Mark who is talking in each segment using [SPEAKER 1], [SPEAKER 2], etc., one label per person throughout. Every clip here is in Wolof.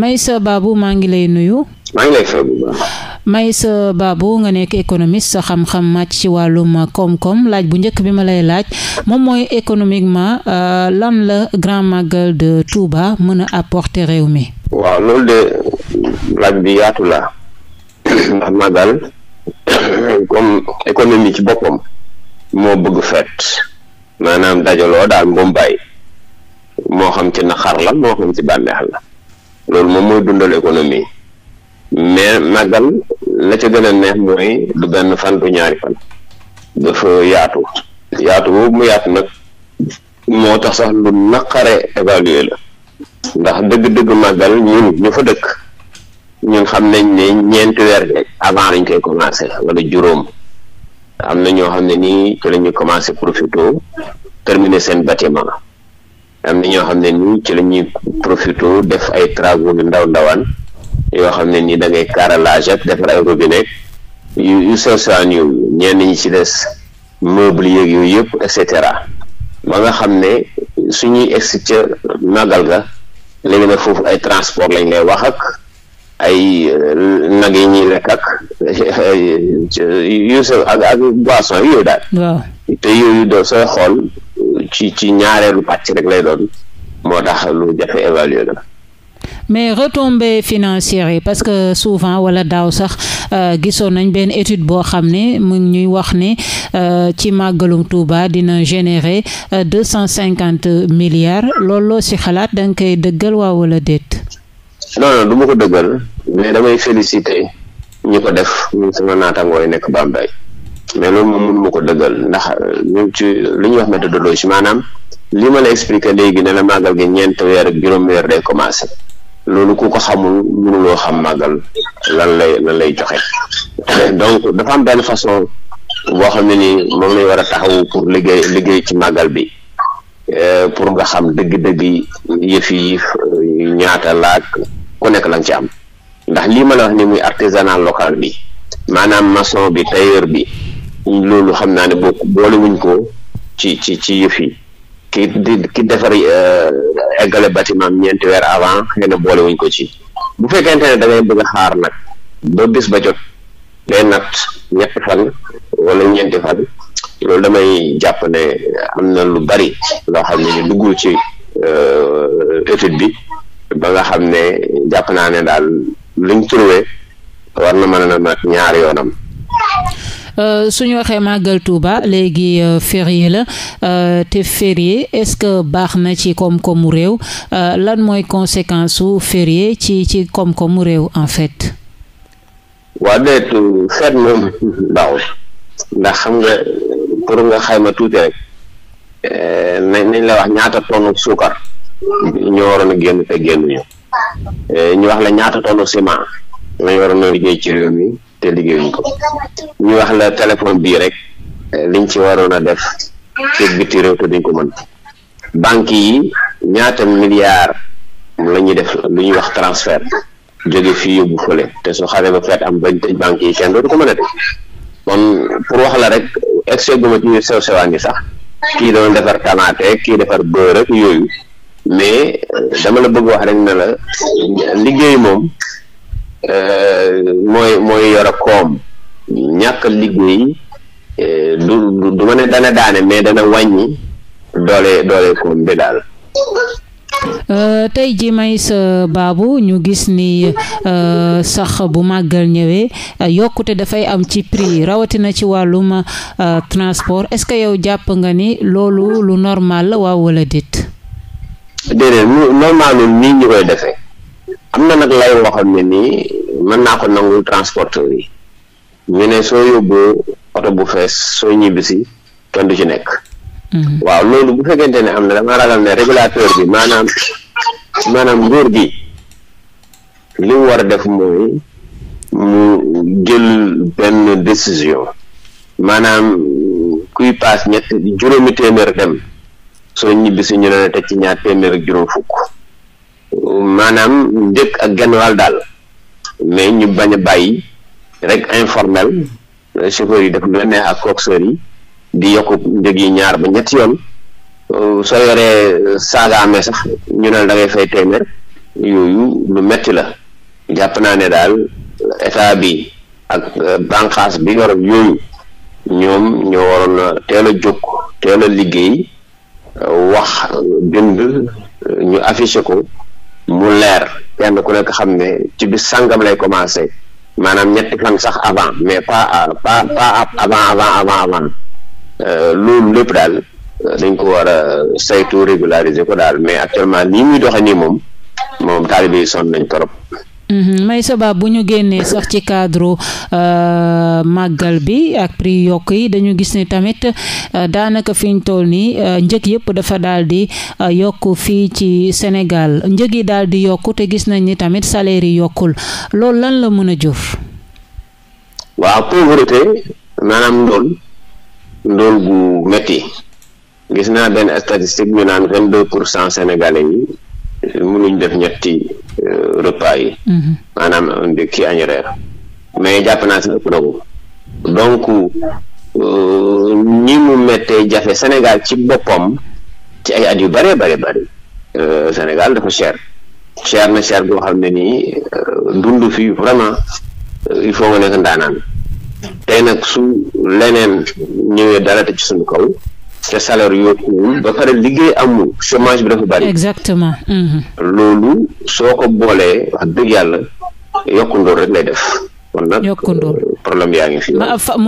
[SPEAKER 1] Meissa Babou maa ngi lay nuyu.
[SPEAKER 2] maa ngi lay fay bu baax.
[SPEAKER 1] Meissa Babou nga nekk économiste sa xam-xam màcc ci wàllum koom-koom laaj bu njëkk bi ma lay laaj moom mooy économiquement euh, lan la grand magal de Touba mën a apporter réew mi.
[SPEAKER 2] waaw loolu de bi yaatu la ndax magal comme économie ci boppam moo bëgg fête maanaam dajaloo daal mbumbaay moo xam ci naxar la moo xam ci bànneex la. loolu moom mooy dundal économie mais màggal la ca gën a neex mooy du benn fan du ñaari fan dafa yaatu yaatu boobu mu yaatu nag moo tax sax lu naqare évaluer la ndax dëgg-dëgg màggal ñun ñu fa dëkk ñun xam nañ ne ñeenti weer avant lañ koy commencé wala juróom am na ñoo xam ne nii ci la ñuy commencé profito terminer seen bâtiment am na ñoo xam ne nii ci la ñuy profité def ay travaux yu ndaw ndawaan yoo xam ne nii dangay ngay carrelage ak defar ay robinet yu yu sew sewaan yooyu ñenn ñi ci des meuble yeeg yooyu yëpp et cetera ba nga xam ne suñuy egsi ca màggal ga léegi nag foofu ay transport lañ lay wax ak ay euh, nag yi ñuy lekk ak yu sew ak ak boisson yooyu daal te yooyu doo sooy xool ci ci ñaareelu pàcc rek lay doon moo tax lu jafe évaluer la.
[SPEAKER 1] mais retombées financières yi parce que souvent wala daaw sax euh, gisoon nañ benn étude boo xam ne mu ñuy wax ne euh, ci màggalum Touba dina générer euh, deux cent cinquante milliards lool loo si xalaat da koy dëggal waaw wala déet.
[SPEAKER 2] non non du ma ko dëggal mais damay féliciter ñi ko def sama naataangoo yi nekk Bambey. mais loolu moom mënu ko dëggal ndax euh, ñu ci li ñuy wax méthodologie maanaam li ma la expliqué léegi ne la màggal gi ñeent weer ak juróom weer day commencé loolu ku ko xamul mënuloo xam màggal lan lay joxe donc dafa am benn façon boo xam ne ni moom lay war a taxawu pour liggéey liggéey ci màggal bi euh, pour nga xam dëgg-dëgg yëf ñaata laag ku nekk lañ ci am ndax lii ma la wax ni muy artisanat local bi maanaam maçon bi tailleur bi loolu xam naa ne bokk boole wuñ ko ci ci ci yëf yi ki di ki defar euh, eggale bâtiment ñeenti weer avant xëy boole wuñ ko ci bu fekkente ne da bëgg a xaar nag ba bis ba jot day nat ñetti fan wala ñeenti fan loolu damay jàpp ne am na lu bari loo xam ne ñu duggul ci euh, étude bi ba nga xam ne jàpp naa ne daal luñ trouvé war na mën a nag ñaari yoonam
[SPEAKER 1] Euh, suñu waxee màggal Touba léegi euh, férié la euh, te férié est-ce que baax na ci koom-koomu réew lan mooy conséquence su férié ci ci koom-koomu réew en fait.
[SPEAKER 2] waa déet feet moom ndax xam nga pour nga xayma tuuti rek nañ la wax ñaata tonnu suukar ñoo waroon a génn te génnuñu ñu wax la ñaata tonnu ciment lañ waroon a liggéey ci réew mi te liggéeyuñ ko ñu wax la téléphone bii rek eh, liñ ci waroon a def ci biti réew te duñ ko mën banque yi ñaata milliards la ñuy def lu ñuy wax transfert jóge fi yóbbu fële te su xale ba feet am bañ tëj banque yi kenn dootu ko mën a def kon pour wax la rek excès ma ci sew sewaan yi sax kii doon defar tamaate kii defar beurre ak yooyu mais eh, dama la bëgg wax rek ne la liggéey moom Euh, mooy mooy yor a koom ñàkk liggéey euh, du du ma ne daane mais dana wàññi doole doole koom bi daal.
[SPEAKER 1] Euh, tey jii Meissa Babou ñu gis ni uh, sax bu màggal ñëwee yokkute dafay am ci prix rawatina ci wàllum transport est-ce que yow jàpp nga ni loolu lu normal la waaw wala déet.
[SPEAKER 2] déedéet nii ñu koy defee am na nag lay waxoon ne nii mën naa ko nangul transporteur yi ñu ne soo yóbboo oto bu fees soo ñibbisi kenn du ci nekk mhm. waaw loolu bu fekkente ni am na dama ragal ne régulateur bi maanaam maanaam nguur gi li war a def mooy mu jël benn décision maanaam kuy paas ñett juróomi téeméer dem soo ñibbisi ñu ne la teg ci ñaar téeméer juróom fukk maanaam njëkk ak genn wàll daal mais ñu bañ a bàyyi rek informel euh, chauffeurs yi def lu neex ak coxeur yi di yokk njëg yi ñaar ba ñetti yoon euh, soo yoree euh, saaga amee sax ñu ne da ngay fay téeméer yooyu lu metti la jàpp naa ne daal état bi ak bànqaas bi yooyu ñoom ñoo waroon a teel a jóg teel liggéey wax bind ñu affiché ko mu leer kenn ku nekk xam ne ci bis sàngam lay commencé maanaam ñetti fan sax avant mais pas pas pas avant avant avant avant euh, loolu lépp daal dañ ko war a saytu régulariser ko daal mais actuellement nii muy doxe nii moom moom taalibe yi sonn nañ torop
[SPEAKER 1] Mhm. Maysa Ba bu ñu génnee sax ci cadre euh, màggal bi ak prix yokk yi dañu gis ni tamit euh, daanaka fiñ ñu toll nii euh, njëg yëpp dafa daal di yokk fii ci senegal njëg yi daal di yokku te gis nañ ni tamit salaire yi yokkul loolu lan la mën a jëf.
[SPEAKER 2] waaw naa benn statistique bi naan pour cent yi mënuñ def ñetti. repas yi. Mhm. maanaam kii añ reer mais jàpp naa si ëpp na ko donc ñi mu méttee jafe Sénégal ci boppam ci ay at yu bëree bëri bëri euh, Sénégal dafa cher cher na cher boo xam ne nii euh, dund fii vraiment euh, il faut nga nekk ndaanaan tey nag su leneen ñëwee dara ci suñu kaw. sa salaire yokkuwul ba pare liggéey amul chômage bi dafa bari.
[SPEAKER 1] exactement. Mhm.
[SPEAKER 2] loolu soo ko boolee wax dëgg yàlla yokkundoor rek lay def. kon nag euh, problème yaa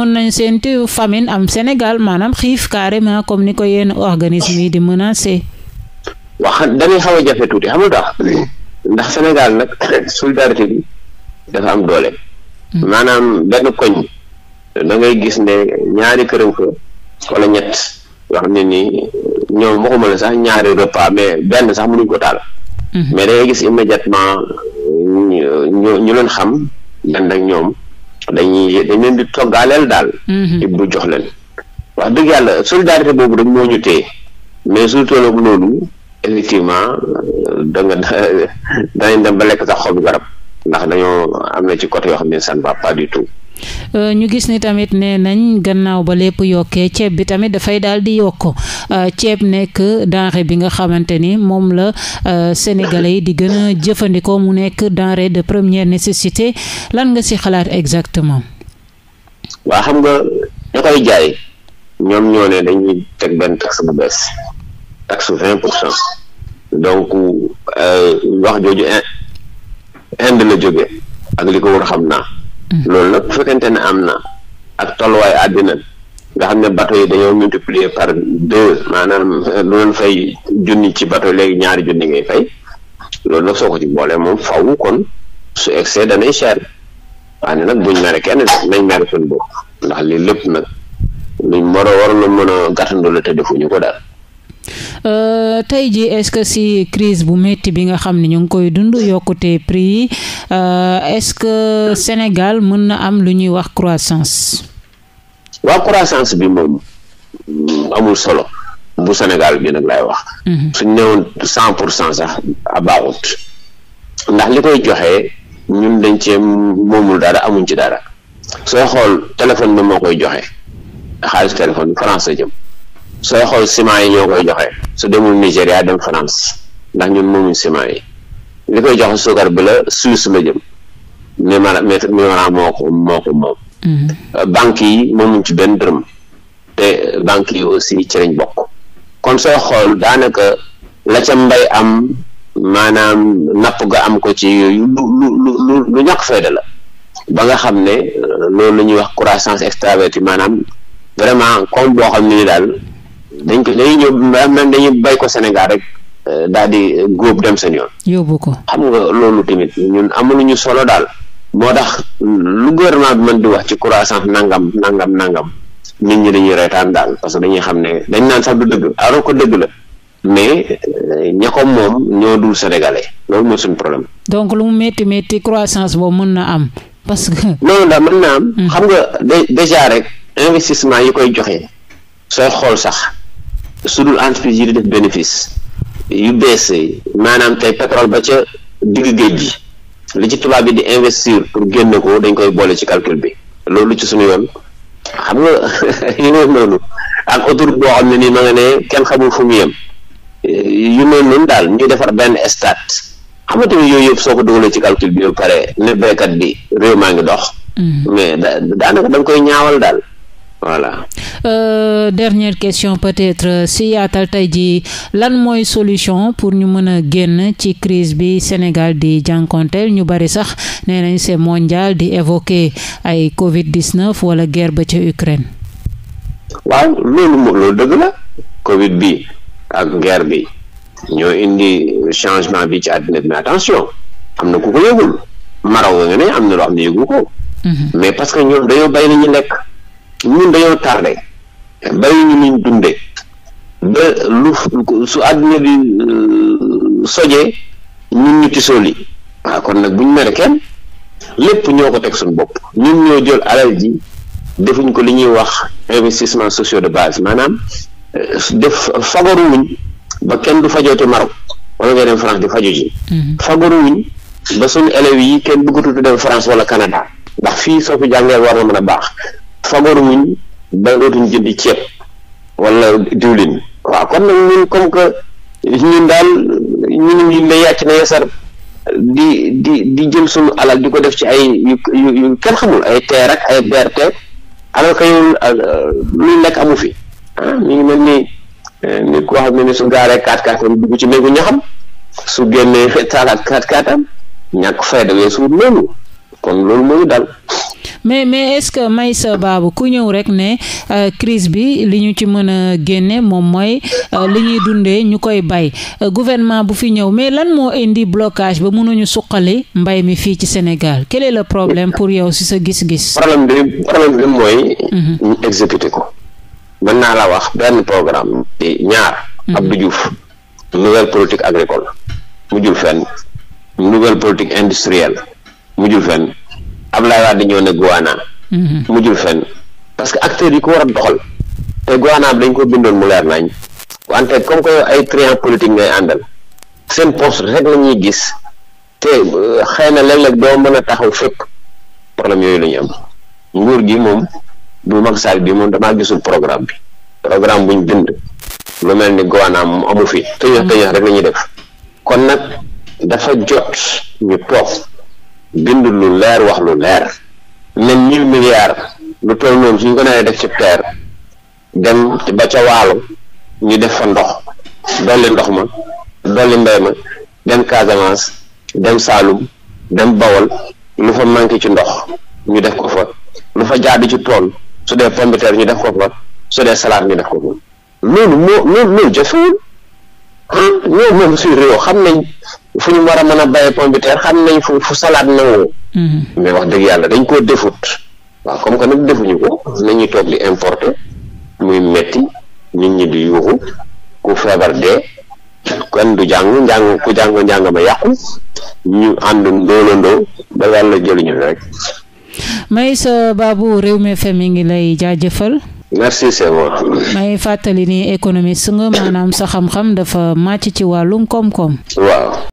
[SPEAKER 1] nañ séentu famine am Sénégal maanaam xiif carrément comme ni ko yenn organisme yi di menacé.
[SPEAKER 2] wax da xaw a jafe tuuti xam nga ndax Sénégal nag solidarité bi dafa am doole. Mm. maanaam benn koñ da ngay gis ne ñaari këram ko wala ñett. yoo xam ne nii ñoom waxuma la sax ñaari repas mais benn sax mënuñ ko taal. Mhm. mais da ngay gis immédiatement ñu ñu ñu leen xam yan ak ñoom dañuy dañ leen di toggaaleel daal. Mhm. bu jox leen. wax dëgg yàlla solidarité boobu rek moo ñu téye mais su tolloog loolu effectivement da nga danañ dem ba lekk sax xobu garab ndax dañoo am na ci côté yoo xam ne san baa va pas du tout.
[SPEAKER 1] Euh, ñu gis ni tamit nee nañ gannaaw ba lépp yokkee ceeb bi tamit dafay daal di yokk euh, ceeb nekk denrée bi nga xamante ni moom la euh, sénégalais yi di gën jëfandikoo mu nekk denrée de première nécessité lan nga ci xalaat exactement.
[SPEAKER 2] waa xam nga ña koy jaay ñoom ñoo ne dañuy teg benn taxe bu bees taxe vingt pour cent donc wax jooju ind la jóge ak xam naa. Mm-hmm. loolu nag bu fekkente ne am na ak tolluwaay àddina nga xam ne bateau yi dañoo multiplier par deux maanaam lu doon fay junni ci bateau léegi ñaari junni ngay fay loolu nag soo ko ci boolee moom faw kon su excès danay cher waaye nag buñ mere kenn nañ mere suñu bopp ndax lii lépp nag luñ moro war lu mën a la te defuñu ko daal
[SPEAKER 1] Euh, tey ji est-ce que si crise bu métti bi nga xam ne ñu ngi koy dund yokkute prix yi euh, est-ce que Sénégal mën na am lu ñuy wax croissance
[SPEAKER 2] waaw croissance bi moom amul solo bu Sénégal bi nag laay wax mhm. suñ newoon pour cent sax baaxut ndax li koy joxe ñun dañ cee moomul dara amuñ ci dara sooy xool téléphone bi moo koy joxe xaalis téléphone bi France la jëm sooy xool ciment yi ñoo koy joxe su demul Nigéria dem France ndax ñun moomuñ ciment yi li koy joxe suukar bi la Suisse la jëm Mimara Mimara moo ko moo ko moom. Mhm. Euh, banques yi moomuñ ci benn dërëm te banques yi aussi ci lañ bokk kon sooy xool daanaka la ca mbay am maanaam napp ga am ko ci lu lu lu lu ñàkk la ba nga xam ne euh, loolu la ñuy wax croissance yi maanaam vraiment comme boo xam ne ni daal. dañ ko dañuy ñëw même dañuy bay ko Sénégal rek euh, daal di euh, góob dem seen yoon. yóbbu ko xam nga loolu tamit ñun ñu solo daal. moo tax lu gouvernement bi mën di wax ci croissance nangam nangam nangam nit ñi dañuy reetaan daal parce que dañuy xam ne dañ naan sax du dëgg alors ko dëgg la mais euh, ña ko moom ñoo dul sénégalais loolu moo suñu problème.
[SPEAKER 1] donc lu mu métti métti croissance boobu mën na am parce que.
[SPEAKER 2] non ndax mën na am. Hmm. xam nga déjà rek investissement yi koy joxe sooy xool sax. su dul entreprise yi def bénéfice yu bees yi maanaam tey pétrole ba ca digg géej gi li ci tubaab bi di investir pour génne ko dañ koy boole ci calcule bi loolu ci suñu yoon xam nga yu mel noonu ak autoroute boo xam ne nii ma nga ne kenn xamul fu mu yem yu mel noonu daal ñuy defar benn state xam nga yooyu yëpp soo ko dugalee ci calcul bi ba pare ne béykat bi réew maa ngi dox. Mm. mais da daanaka da koy ñaawal daal voilà.
[SPEAKER 1] dernière question peut-être si yaatal tey jii lan mooy solution pour ñu mën a génn ci crise bi Sénégal di jànkonteel ñu bari sax nee nañ mondial di évoquer ay Covid-19 wala guerre ba ca Ukraine.
[SPEAKER 2] waaw loolu moom loolu dëgg la Covid bi ak guerre bi ñoo indi changement bi ci àddina bi mais attention am na ku ko yëgul maraw nga ne am na loo xam ne yëgu ko. Mhm. mais parce que ñoom dañoo bàyyi nañu lekk ñun dañoo tardé. bari ñu nuñ dundee ba lu su àdduna bi euh, sojee ñun ñu tisoo lii waaw kon nag buñ ñu kenn lépp ñoo ko teg suñu bopp ñun ñoo jël alal ji defuñ ko li ñuy wax investissement sociaux de base maanaam euh, def fagaruwuñ ba kenn du fajoote Maroc wala ngay dem France di faju ji mhm. fagaruwuñ ba suñu élèves yi kenn bëggatutu dem France wala Canada ndax fii soo fi jàngee war na mën a baax fagaruwuñ ba dootuñ jëndi ceeb wala diwlin waaw kon nag ñun comme que ñun daal ñu ngi ne yàcc na yasar di di di jël suñu alal di ko def ci ay yu yu kenn xamul ay TER ak ay BRT alors que yow euh, luñ nekk amu fi ah mi ngi mel ni euh, nit koo xam ne ni su gaaree 4 x dugg ci néegu ñaxam su génnee taalaat 4x4 am ñàkk fayda loolu kon loolu mooy daal
[SPEAKER 1] mais mais est-ce que Meissa Babou ku ñëw rek ne euh, crise bi li ñu ci mën a génne moom mooy euh, li ñuy dundee ñu koy bay euh, gouvernement bu fi ñëw mais lan moo indi blocage ba mënuñu suqali mbay mi fii ci Sénégal quel la problème pour yow si sa gis-gis. problème bi mooy. Mhm.
[SPEAKER 2] ñu exécuter ko. mën naa la wax benn programme di ñaar. Mhm. Abdou Diouf nouvelle politique agricole mujjul fenn nouvelle politique industrielle mujjul fenn. Ablaye Wade ñëw ne Goana. Mhm. mujjul fenn parce que acteurs yi ko war a doxal te Goana dañ ko bindoon mu leer nañ wante comme ay triant politique ngay seen poste rek la ñuy gis te euh, xëy na léeg-léeg doo mën a taxaw fépp problème yooyu la am nguur gi moom bu Macky Sall bi moom damaa gisul programme bi programme buñ bind lu mel ni Goana amu fi tëjëx tëjëx rek la ñuy def kon nag dafa jot ñu toog bind lu leer wax lu leer ne mille milliards lu toll noonu suñ ko nee def ci terre dem ba ca waalo ñu def fa ndox dolli ndox ma dolli mbéy ma dem Casamance dem Saalum dem Bawol lu fa manqué ci ndox ñu def ko fa lu fa jaadu ci tool su dee pomme de terre ñu def ko fa su dee salade ñu def ko fa loolu moo loolu loolu jafewul ah ñoo moom suñu réew xam nañ fu ñu war a mën a béyee pomme xam nañ fu fu salade nangoo mm-hmm. mais wax dëgg yàlla dañ koo defut waaw comme que nag defuñu ko nañuy toog di importer muy metti nit ñi di yuuxu ku feebar dee kenn du jàng njàng ku jàng njàng ma yàqu ñu ànd ndóolandoo ba yàlla jëluñu rek
[SPEAKER 1] Meissa Babou réew FM mi ngi lay jëfal
[SPEAKER 2] merci c'est bon.
[SPEAKER 1] may fàttali ni économiste nga maanaam sa xam-xam dafa màcc ci wàllum koom-koom
[SPEAKER 2] waaw